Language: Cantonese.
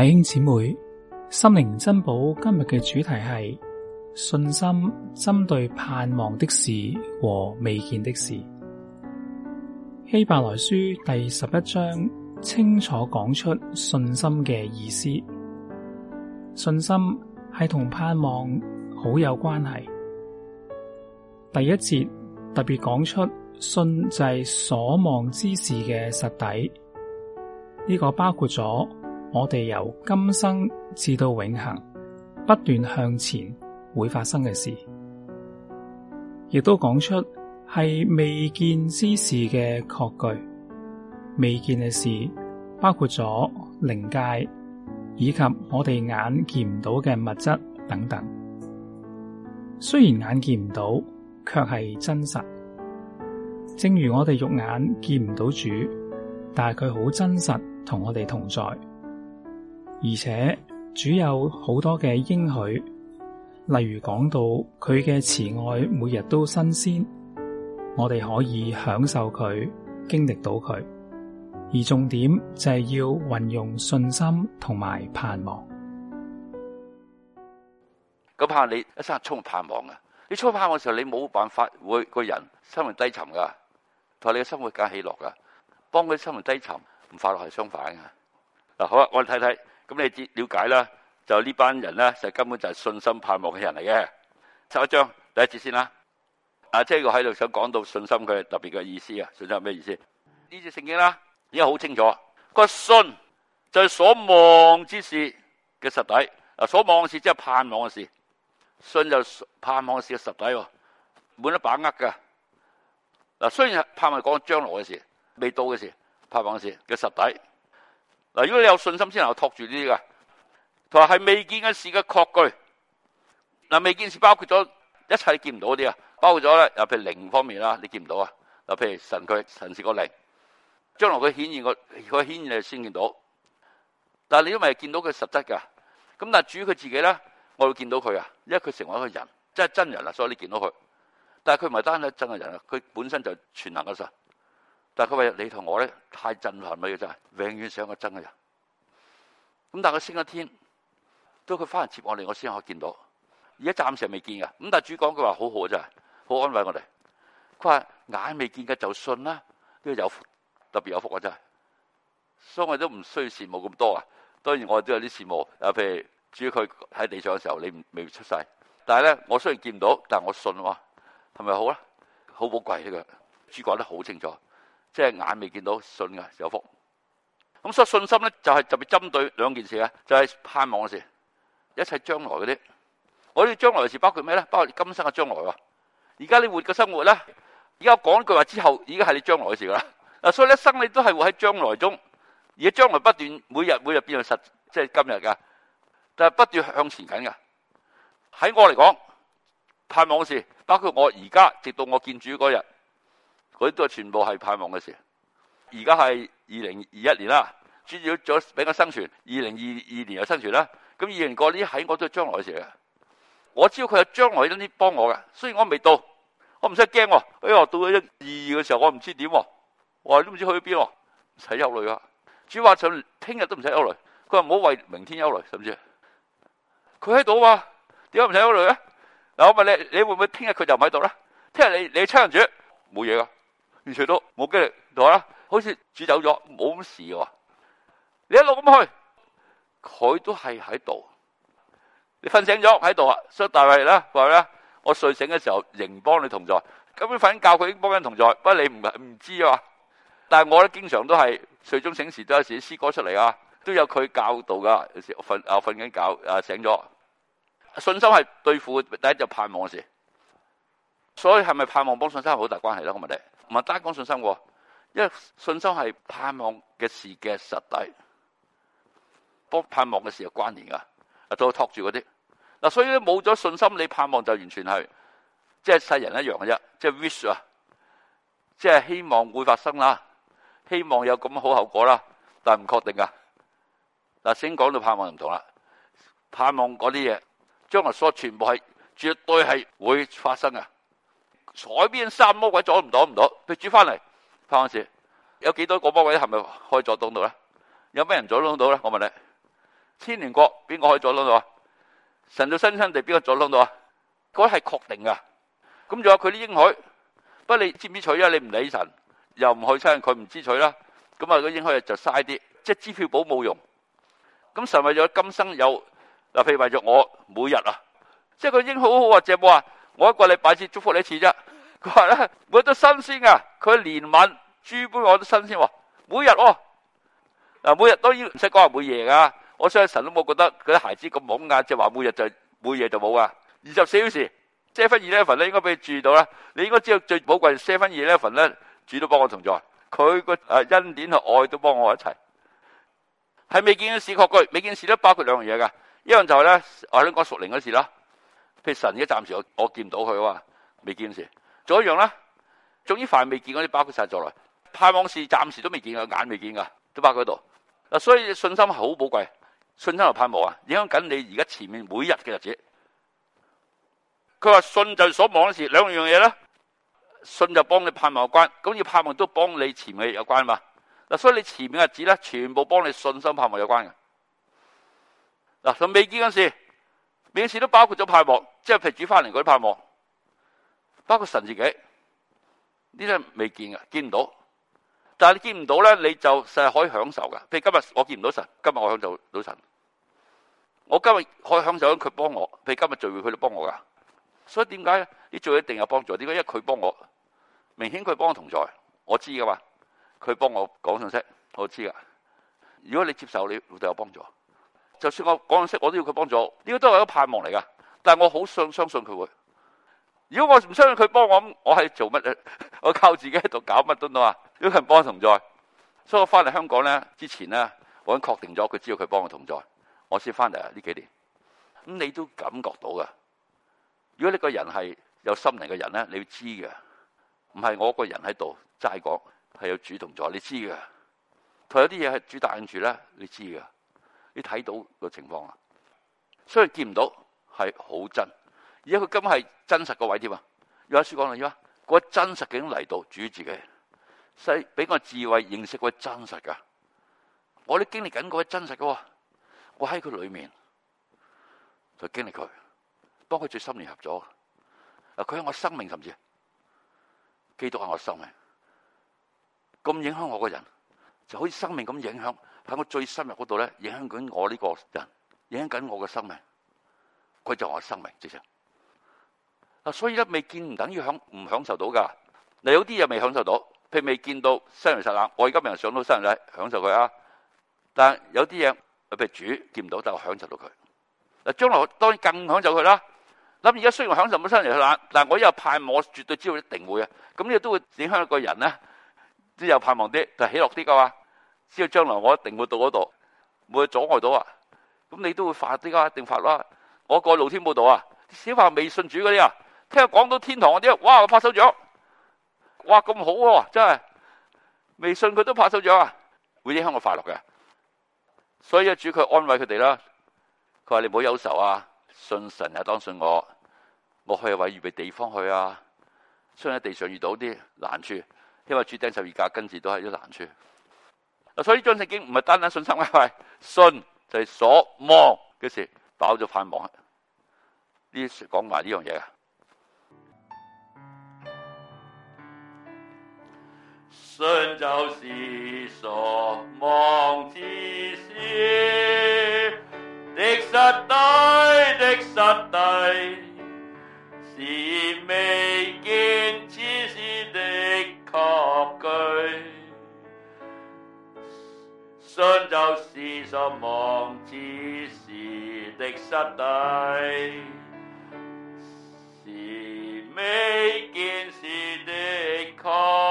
弟兄姊妹，心靈珍寶今日嘅主題係信心，針對盼望的事和未見的事。希伯來書第十一章清楚講出信心嘅意思。信心係同盼望好有關係。第一節特別講出信就係所望之事嘅實底，呢、這個包括咗。我哋由今生至到永恆，不斷向前會發生嘅事，亦都講出係未見之事嘅確據。未見嘅事包括咗靈界，以及我哋眼見唔到嘅物質等等。雖然眼見唔到，卻係真實。正如我哋肉眼見唔到主，但係佢好真實，同我哋同在。而且主有好多嘅應許，例如講到佢嘅慈愛每日都新鮮，我哋可以享受佢，經歷到佢。而重點就係要運用信心同埋盼望。咁怕你一生係充滿盼望嘅，你充滿盼望嘅時候，你冇辦法會個人生活低沉噶，同你嘅生活梗起落噶，幫佢生活低沉唔快樂係相反嘅。嗱，好啦，我哋睇睇。咁你知瞭解啦，就呢班人咧，就根本就係信心盼望嘅人嚟嘅。收一章，第一節先啦。啊，即係佢喺度想講到信心佢特別嘅意思啊！信心係咩意思？聖呢節聖經啦，已經好清楚。個信就係所望之事嘅實底。嗱，所望事即係盼望嘅事，信就盼望事嘅實底喎，冇得把握㗎。嗱，雖然盼望係講將來嘅事，未到嘅事，盼望嘅事嘅實底。嗱，如果你有信心先能夠托住呢啲噶，同埋係未見嘅事嘅確據。嗱，未見事包括咗一切你見唔到嗰啲啊，包括咗咧，又譬如靈方面啦，你見唔到啊？嗱，譬如神佢神是個靈，將來佢顯現個，佢顯現你先見到。但係你都唔係見到佢實質噶。咁但係主佢自己咧，我會見到佢啊，因為佢成為一個人，即係真人啦，所以你見到佢。但係佢唔係單係真嘅人啊，佢本身就全能嘅神。但係佢話：你同我咧太震撼啦！真係永遠想個真嘅人咁。但係佢升咗天，到佢翻嚟接我哋，我先可以見到。而家暫時未見嘅咁。但係主講嘅話好好，真係好安慰我哋。佢話眼未見嘅就信啦，呢、呢個有福，特別有福嘅真係。所以我都唔需要羨慕咁多啊。當然我都有啲羨慕，啊，譬如主要佢喺地上嘅時候，你未出世，但係咧我雖然見唔到，但我信喎，係咪好啦，好寶貴，呢個主講得好清楚。即係眼未見到信嘅有福，咁所以信心咧就係特別針對兩件事啊，就係盼望嘅事，一切將來嗰啲。我哋個將來嘅事包括咩咧？包括今生嘅將來喎。而家你活嘅生活咧，而家講一句話之後，已經係你將來嘅事啦。嗱，所以咧生你都係會喺將來中，而嘅將來不斷每日每日變咗實，即係今日噶，但係不斷向前緊噶。喺我嚟講，盼望嘅事包括我而家，直到我見主嗰日。佢都係全部係盼望嘅事。而家係二零二一年啦，主要仲俾我生存，二零二二年又生存啦。咁二零過啲喺我都係將來嘅事啊！我知道佢有將來都啲幫我嘅，雖然我未到，我唔使驚。哎呀，到咗二二嘅時候，我唔知點、哦，我都唔知道去邊，唔使憂慮啊！主話就聽日都唔使憂慮。佢話唔好為明天憂慮，甚至佢喺度嘛？點解唔使憂慮咧？嗱，我問你，你會唔會聽日佢就唔喺度咧？聽日你你操人主，冇嘢噶。完全都冇精力，來啦，好似煮走咗，冇咁事嘅，你一路咁去，佢都係喺度。你瞓醒咗喺度啊，所以大衛啦，話咧，我睡醒嘅時候仍幫你同在。咁瞓覺佢已經幫緊同在，不過你唔唔知啊。但係我咧經常都係睡中醒時都有時詩歌出嚟啊，都有佢教導噶。有時瞓啊瞓緊覺啊醒咗，信心係對付第一就盼望嘅事，所以係咪盼望幫信心係好大關係咧？個問題。唔係單講信心，因為信心係盼望嘅事嘅實底，幫盼望嘅事有關連噶。啊，都托住嗰啲嗱，所以咧冇咗信心，你盼望就完全係即係世人一樣嘅啫，即係 wish 啊，即係希望會發生啦，希望有咁好嘅後果啦，但係唔確定啊。嗱。先講到盼望唔同啦，盼望嗰啲嘢，將來所全部係絕對係會發生啊！彩邊三魔鬼阻唔擋唔到，佢煮翻嚟，翻翻先。有幾多個波鬼係咪開左窿到咧？有咩人阻窿到咧？我問你，千年國邊個可以阻窿到啊？神到新生地邊個阻窿到啊？嗰係確定噶。咁仲有佢啲應許，不你知唔知取啊？你唔理神，又唔去親，佢唔知取啦。咁啊，嗰、那個、應許就嘥啲，即係支票寶冇用。咁神為咗今生有，嗱，譬如為咗我每日啊，即係佢應許好好或者啊。只不我一個禮拜先祝福你一次啫。佢話咧，每日都新鮮啊。佢連晚豬杯我都新鮮喎。每日哦，嗱，每日當然唔使講係每夜噶。我相信神都冇覺得佢啲孩子咁懵啊，即係話每日就每日就冇啊。二十四小時，seven eleven 咧，7, 11, 應該俾你注意到啦。你應該知道最寶貴，seven eleven 咧，主都幫我同在。佢個誒恩典同愛都幫我一齊。係未見事確據，未見事都包括兩樣嘢噶。一樣就係、是、咧，我想講屬靈嗰事啦。神而家暫時我我見唔到佢啊嘛，未見事。再一樣啦，仲有凡未見嗰啲包括晒在內，盼望事暫時都未見噶，眼未見噶，都包括喺度。嗱，所以信心好寶貴，信心同盼望啊，影響緊你而家前面每日嘅日子。佢話信就所望嗰事，兩樣嘢啦。信就幫你盼望有關，咁要盼望都幫你前面有關嘛。嗱，所以你前面嘅日子咧，全部幫你信心盼望有關嘅。嗱，仲未見嗰事。這件事都包括咗盼望，即係譬如主翻嚟嗰啲盼望，包括神自己，呢啲係未見嘅，見唔到。但係你見唔到咧，你就成日可以享受噶。譬如今日我見唔到神，今日我享受到神。我今日可以享受佢幫我，譬如今日聚會佢都幫我噶。所以點解呢？你聚會一定有幫助，點解？因為佢幫我，明顯佢幫我同在，我知噶嘛。佢幫我講信息，我知噶。如果你接受你，就有幫助。就算我講樣識，我都要佢幫助，呢個都係一個盼望嚟噶。但係我好信相信佢會。如果我唔相信佢幫我，我係做乜咧？我靠自己喺度搞乜都冇啊！如果佢幫我同在，所以我翻嚟香港咧之前咧，我已經確定咗佢知道佢幫我同在，我先翻嚟啊！呢幾年，咁你都感覺到噶。如果你個人係有心靈嘅人咧，你要知嘅，唔係我個人喺度齋講，係有主同在，你知嘅。同有啲嘢係主答應住啦，你知嘅。你睇到個情況啦，所以見唔到係好真，而家佢根本係真實的位置，那個位添啊！有位書講啦，有啊，嗰真實嘅嚟到主自己，細俾我智慧認識嗰真實噶，我都經歷緊嗰位真實噶，我喺佢裏面就經歷佢，幫佢最深聯合咗，啊，佢係我生命甚至，基督係我生命，咁影響我個人，就好似生命咁影響。喺我最深入嗰度咧，影響緊我呢個人，影響緊我嘅生命。佢就我生命，直情。所以咧，未見唔等於享唔享受到噶。你有啲嘢未享受到，譬如未見到新耶路撒冷，我而家未咪上到新耶路撒冷享受佢啊。但有啲嘢，譬如主見唔到，但我享受到佢。嗱，將來當然更享受佢啦。諗而家雖然我享受唔到新耶路撒冷，但係我有盼望，我絕對知道一定會啊。咁呢亦都會影響一個人咧，啲有盼望啲，就係喜樂啲噶嘛。知道將來我一定會到嗰度，唔會阻礙到啊。咁你都會發啲啊，一定發啦。我過露天佈道啊。小華未信主嗰啲啊，聽講到天堂嗰啲，哇我拍手掌，哇咁好、啊、真係。未信佢都拍手掌啊，會影響我快樂嘅。所以啊，主佢安慰佢哋啦。佢話你唔好憂愁啊，信神啊，當信我，我去啊，為預備地方去啊。雖然喺地上遇到啲難處，因為主頂十字架跟住都係啲難處。所以呢張聖經唔係單單信心啊，係信就係所望嘅事，包咗盼望。呢講埋呢樣嘢啊，信就是所望之。信就是所望之事的實底，是未見之事的確據。